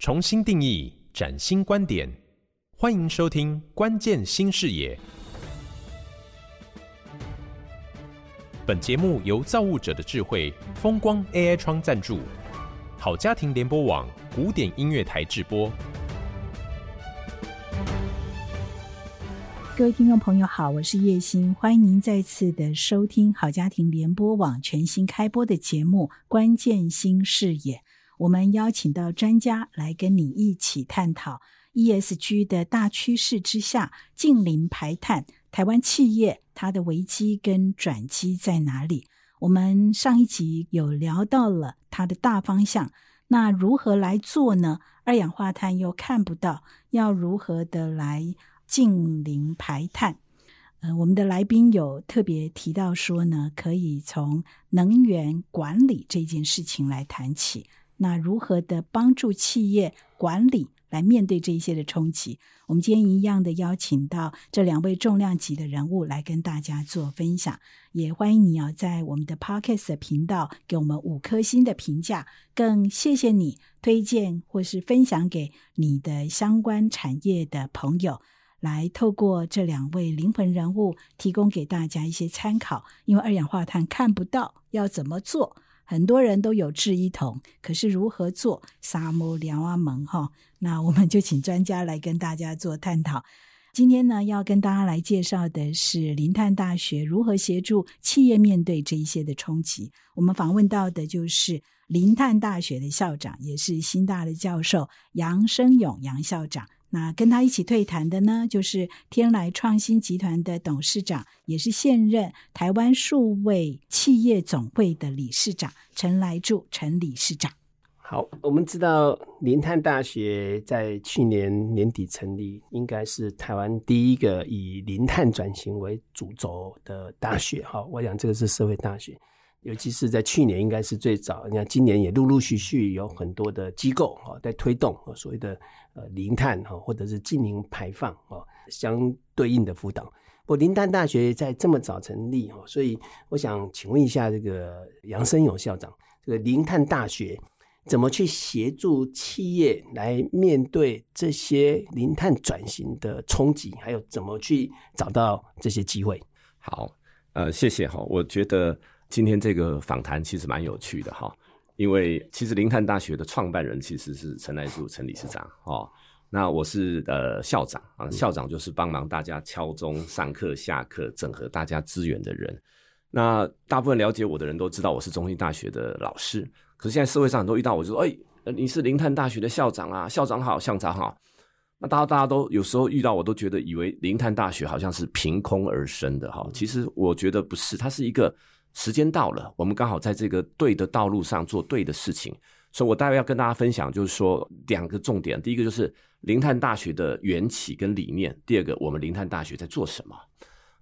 重新定義，嶄新觀點。歡迎收聽《關鍵新視野》。本節目由造物者的智慧風光 AI 窗贊助，好家庭聯播網古典音樂台制播。各位聽眾朋友好，我是葉欣，歡迎您再次的收聽好家庭聯播網全新開播的節目《關鍵新視野》。我們邀請到專家來跟你一起探討 ESG 的大趨勢之下，淨零排碳，台灣企業它的危機跟轉機在哪裡？我們上一集有聊到了它的大方向，那如何來做呢？二氧化碳又看不到，要如何的來淨零排碳？呃，我們的來賓有特別提到說呢，可以從能源管理這件事情來談起。那如何的幫助企業管理，來面對這一些的衝擊？我們今天一樣的邀請到這兩位重量級的人物來跟大家做分享，也歡迎你要在我們的 Podcast 的頻道給我們五顆星的評價，更謝謝你推薦或是分享給你的相關產業的朋友，來透過這兩位靈魂人物提供給大家一些參考，因為二氧化碳看不到，要怎麼做？很多人都有志一同，可是如何做沙姆梁阿蒙哈？那我們就請專家來跟大家做探討。今天呢，要跟大家來介紹的是零碳大學如何協助企業面對這一些的衝擊。我們訪問到的就是零碳大學的校長，也是新大的教授楊聲勇楊校長。那跟他一起與談的呢，就是天來創新集團的董事長，也是現任台灣數位企業總會的理事長陳來助陳理事長。好，我們知道零碳大學在去年年底成立，應該是台灣第一個以零碳轉型為主軸的大學。哈、哦，我想這個是社會大學。尤其是在去年，應該是最早。你看，今年也陸陸續續有很多的機構啊、哦，在推動、哦、所謂的呃零碳哈、哦，或者是淨零排放啊、哦、相對應的輔導。不過零碳大學在這麼早成立、哦、所以我想請問一下這個楊聲勇校長，這個零碳大學怎麼去協助企業來面對這些零碳轉型的衝擊，還有怎麼去找到這些機會？好，呃，謝謝哈，我覺得。今天這個訪談其實蠻有趣的哈，因為其實零碳大學的創辦人其實是陳來助陳理事長哈，那我是呃校長啊，校長就是幫忙大家敲鐘上課下課整合大家資源的人。那大部分了解我的人都知道我是中興大學的老師，可是現在社會上很多都遇到我就說，哎，你是零碳大學的校長啊，校長好，校長好。那大家大家都有時候遇到我都覺得以為零碳大學好像是憑空而生的哈，其實我覺得不是，它是一個。時間到了，我們剛好在這個對的道路上做對的事情，所以我待會要跟大家分享，就是說兩個重點。第一個就是零碳大學的緣起跟理念，第二個我們零碳大學在做什麼。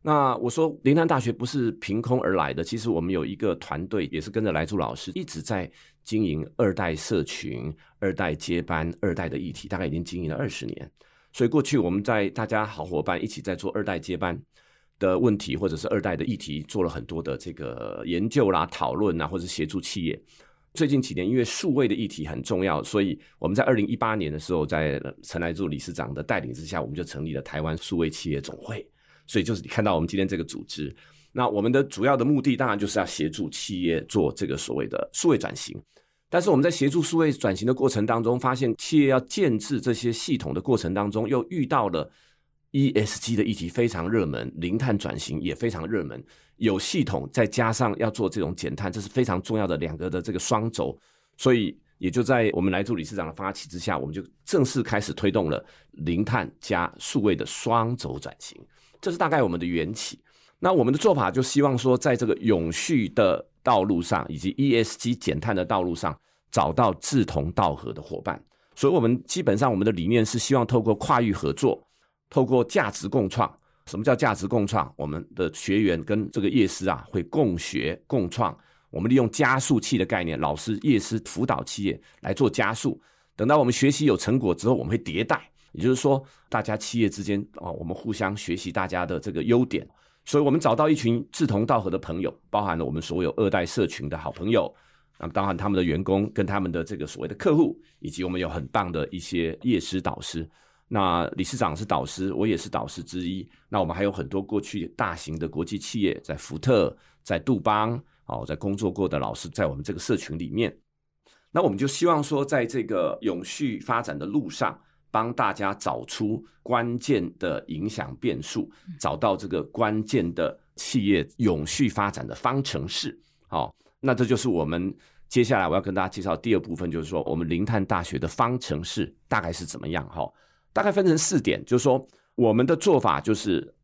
那我說零碳大學不是憑空而來的，其實我們有一個團隊，也是跟着來助老師一直在經營二代社群、二代接班、二代的議題，大概已經經營了二十年。所以過去我們在大家好伙伴一起在做二代接班的問題，或者是二代的議題，做了很多的這個研究啦、啊、討論啦，或者是協助企業。最近幾年，因為數位的議題很重要，所以我們在二零一八年的時候，在陳來助理事長的帶領之下，我們就成立了台灣數位企業總會。所以就是你看到我們今天這個組織，那我們的主要的目的當然就是要協助企業做這個所謂的數位轉型。但是我們在協助數位轉型的過程當中，發現企業要建置這些系統的過程當中，又遇到了。E S G 的議題非常熱門，零碳轉型也非常熱門。有系統，再加上要做這種減碳，這是非常重要的兩個的這個雙軸。所以也就在我們來助理事長的發起之下，我們就正式開始推動了零碳加數位的雙軸轉型。這是大概我們的緣起。那我們的做法就希望說，在這個永續的道路上，以及 E S G 減碳的道路上，找到志同道合的夥伴。所以，我們基本上我們的理念是希望透過跨域合作。透過價值共創，什麼叫價值共創？我們的學員跟這個業師啊，會共學共創。我們利用加速器的概念，老師、業師輔導企業來做加速。等到我們學習有成果之後，我們會迭代。也就是說，大家企業之間啊，我們互相學習大家的這個優點。所以我們找到一群志同道合的朋友，包含了我們所有二代社群的好朋友，那麼當然他們的員工跟他們的這個所謂的客戶，以及我們有很棒的一些業師導師。那理事長是導師，我也是導師之一。那我們還有很多過去大型的國際企業在福特、在杜邦，哦，在工作過的老師，在我們這個社群裡面。那我們就希望說，在這個永續發展的路上，幫大家找出關鍵的影響變數，找到這個關鍵的企業永續發展的方程式。好，哦，那這就是我們接下來我要跟大家介紹第二部分，就是說我們零碳大學的方程式大概是怎麼樣？哈，哦。大概分成四點，就是說我們的做法就是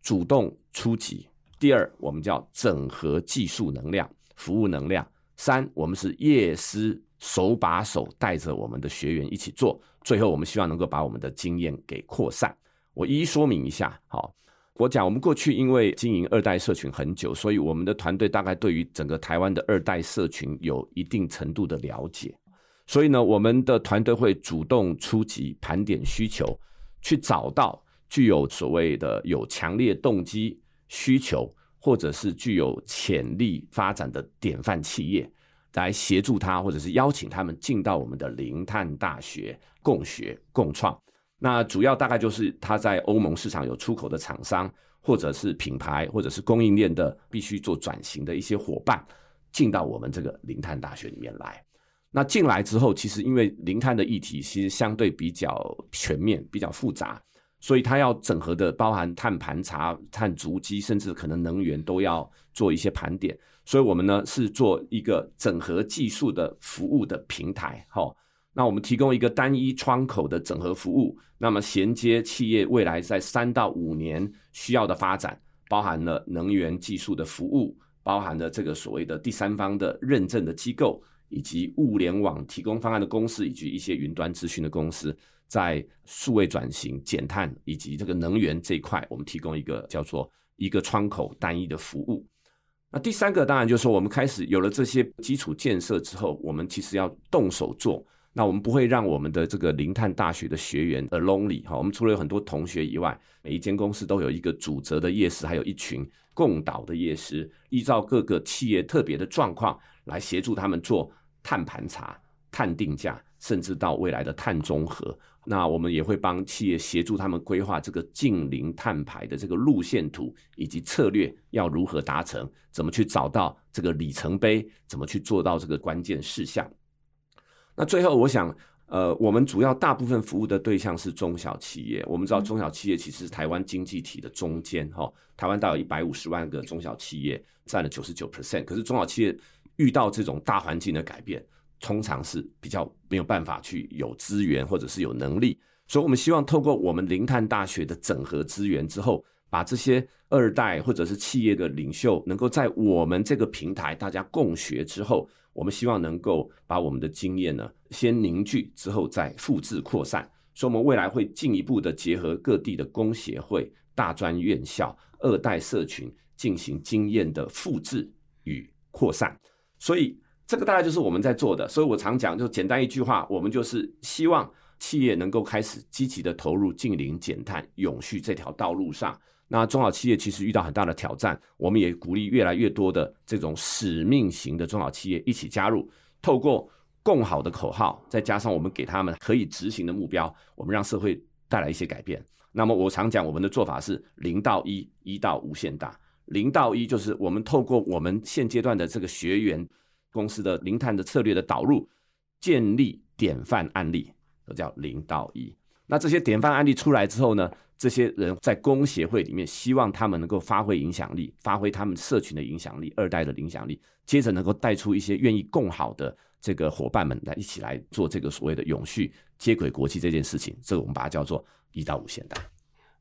主動出擊。第二，我們叫整合技術能量、服務能量。三，我們是業師手把手帶着我們的學員一起做。最後，我們希望能夠把我們的經驗給擴散。我一一說明一下。好，我講我們過去因為經營二代社群很久，所以我們的團隊大概對於整個台灣的二代社群有一定程度的了解。所以呢，我們的團隊會主動出擊，盤點需求，去找到具有所謂的有強烈動機需求，或者是具有潛力發展的典範企業，來協助他，或者是邀請他們進到我們的零碳大學共學共創。那主要大概就是他在歐盟市場有出口的廠商，或者是品牌，或者是供應鏈的必須做轉型的一些夥伴，進到我們這個零碳大學裡面來。那進來之後，其實因為零碳的議題其實相對比較全面、比較複雜，所以它要整合的包含碳盤查、碳足跡，甚至可能能源都要做一些盤點。所以我們呢是做一個整合技術的服務的平台，哈。那我們提供一個單一窗口的整合服務，那麼銜接企業未來在三到五年需要的發展，包含了能源技術的服務，包含了這個所謂的第三方的認證的機構。以及物聯網提供方案的公司，以及一些雲端資訊的公司在數位轉型、減碳以及這個能源這一塊，我們提供一個叫做一個窗口單一的服務。那第三個當然就是說，我們開始有了這些基礎建設之後，我們其實要動手做。那我們不會讓我們的這個零碳大學的學員 alone 哈，我們除了有很多同學以外，每一間公司都有一個主責的業師，還有一群共導的業師，依照各個企業特別的狀況來協助他們做。碳盤查、碳定價，甚至到未來的碳中和，那我們也會幫企業協助他們規劃這個淨零碳排的這個路線圖以及策略，要如何達成，怎麼去找到這個里程碑，怎麼去做到這個關鍵事項。那最後，我想，呃，我們主要大部分服務的對象是中小企業。我們知道，中小企業其實是台灣經濟體的中間，哈、哦，台灣大約一百五十萬個中小企業占了九十九 percent，可是中小企業。遇到這種大環境的改變，通常是比較沒有辦法去有資源或者是有能力，所以我們希望透過我們零碳大學的整合資源之後，把這些二代或者是企業的領袖能夠在我們這個平台大家共學之後，我們希望能夠把我們的經驗呢先凝聚之後再複製擴散。所以，我們未來會進一步的結合各地的工協會、大專院校、二代社群，進行經驗的複製與擴散。所以，這個大概就是我們在做的。所以我常講，就簡單一句話，我們就是希望企業能夠開始積極的投入淨零、減碳、永續這條道路上。那中小企業其實遇到很大的挑戰，我們也鼓勵越來越多的這種使命型的中小企業一起加入，透過共好的口號，再加上我們給他們可以執行的目標，我們讓社會帶來一些改變。那麼，我常講，我們的做法是零到一，一到無限大。零到一就是我們透過我們現階段的這個學員公司的零碳的策略的導入，建立典範案例，都叫零到一。那這些典範案例出來之後呢，這些人在工協會裡面，希望他們能夠發揮影響力，發揮他們社群的影響力、二代的影響力，接着能夠帶出一些願意共好的這個伙伴們來一起來做這個所謂的永續接軌國際這件事情。這個我們把它叫做一到五線帶。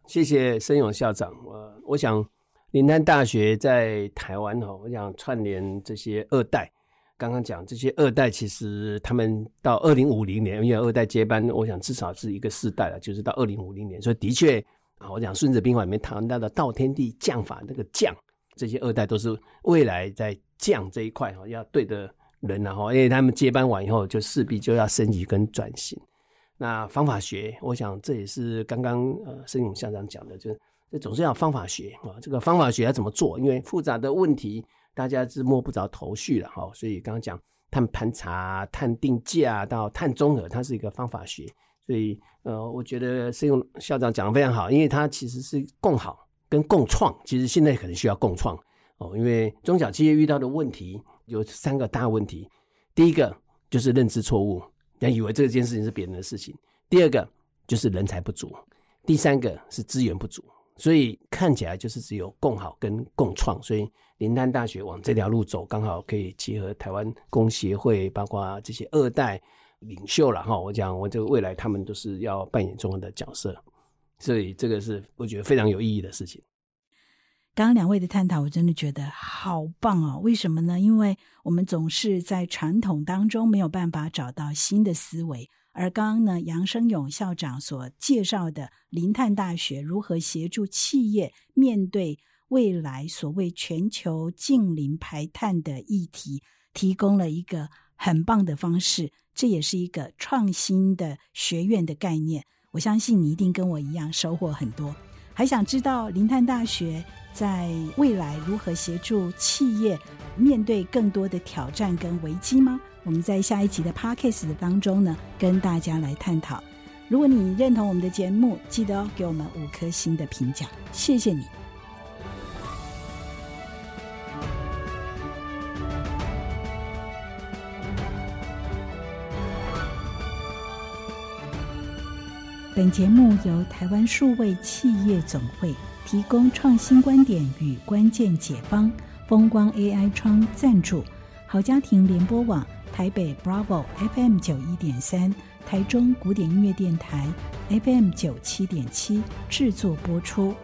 謝謝聲勇校長，我我想。零碳大學在台灣哦，我想串聯這些二代。剛剛講這些二代，其實他們到二零五零年，因為二代接班，我想至少是一個世代了，就是到二零五零年。所以的確啊，我想《孫子兵法》裡面談到的“道天地將法”，那個將，這些二代都是未來在將這一塊哈要對的人，然後因為他們接班完以後，就勢必就要升級跟轉型。那方法學，我想這也是剛剛呃，聲勇校長講的，就是。這總是要方法學啊、哦！這個方法學要怎麼做？因為複雜的問題大家是摸不着頭緒了哈、哦。所以剛剛講碳盤查、碳定價到碳中和，它是一個方法學。所以呃，我覺得是用校長講得非常好，因為它其實是共好跟共創。其實現在可能需要共創哦，因為中小企業遇到的問題有三個大問題：第一個就是認知錯誤，人以為這件事情是別人的事情；第二個就是人才不足；第三個是資源不足。所以看起來就是只有共好跟共創，所以零碳大學往這條路走，剛好可以結合台灣工協會，包括這些二代領袖了哈。我講我這個未來他們都是要扮演中文的角色，所以這個是我覺得非常有意義的事情。剛剛兩位的探討，我真的覺得好棒啊、哦！為什麼呢？因為我們總是在傳統當中沒有辦法找到新的思維。而剛剛呢，楊聲勇校長所介紹的零碳大學如何協助企業面對未來所謂全球淨零排碳的議題，提供了一個很棒的方式。這也是一個創新的學院的概念。我相信你一定跟我一樣收穫很多。還想知道零碳大學在未來如何協助企業面對更多的挑戰跟危機嗎？我們在下一集的 Podcast 的當中呢，跟大家來探討。如果你認同我們的節目，記得哦，給我們五顆星的評價，謝謝你。本節目由台灣數位企業總會提供創新觀點與關鍵解方，風光 AI 窗贊助，好家庭聯播網。台北 Bravo FM 九一點三，台中古典音樂電台 FM 九七點七製作播出。